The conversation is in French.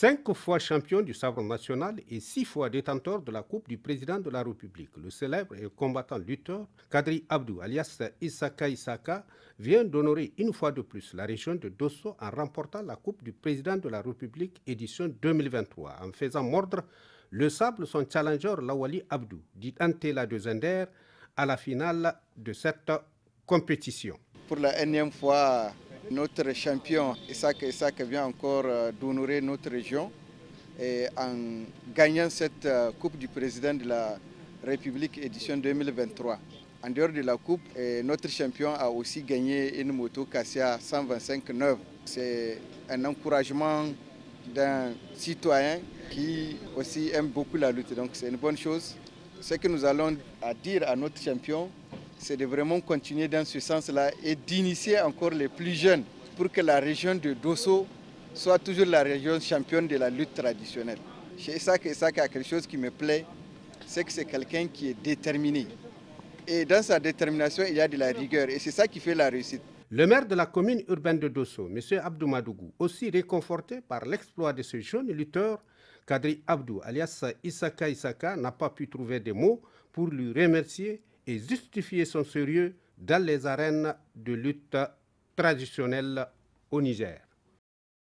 cinq fois champion du sabre national et six fois détenteur de la Coupe du président de la République. Le célèbre et combattant lutteur Kadri Abdou, alias Isaka Isaka, vient d'honorer une fois de plus la région de Dosso en remportant la Coupe du président de la République édition 2023, en faisant mordre le sable son challenger Lawali Abdou, dit Antela de Zender, à la finale de cette compétition. Pour la énième fois, notre champion Isaac Isaac vient encore euh, d'honorer notre région en gagnant cette euh, Coupe du Président de la République édition 2023. En dehors de la Coupe, notre champion a aussi gagné une moto Cassia 125 9 C'est un encouragement d'un citoyen qui aussi aime beaucoup la lutte, donc c'est une bonne chose. Ce que nous allons dire à notre champion, c'est de vraiment continuer dans ce sens-là et d'initier encore les plus jeunes pour que la région de Dosso soit toujours la région championne de la lutte traditionnelle. Chez Isaac, Isaac a quelque chose qui me plaît, c'est que c'est quelqu'un qui est déterminé. Et dans sa détermination, il y a de la rigueur et c'est ça qui fait la réussite. Le maire de la commune urbaine de Dosso, M. Abdou Madougou, aussi réconforté par l'exploit de ce jeune lutteur, Kadri Abdou, alias Isaka Isaka, n'a pas pu trouver des mots pour lui remercier et justifier son sérieux dans les arènes de lutte traditionnelle au Niger.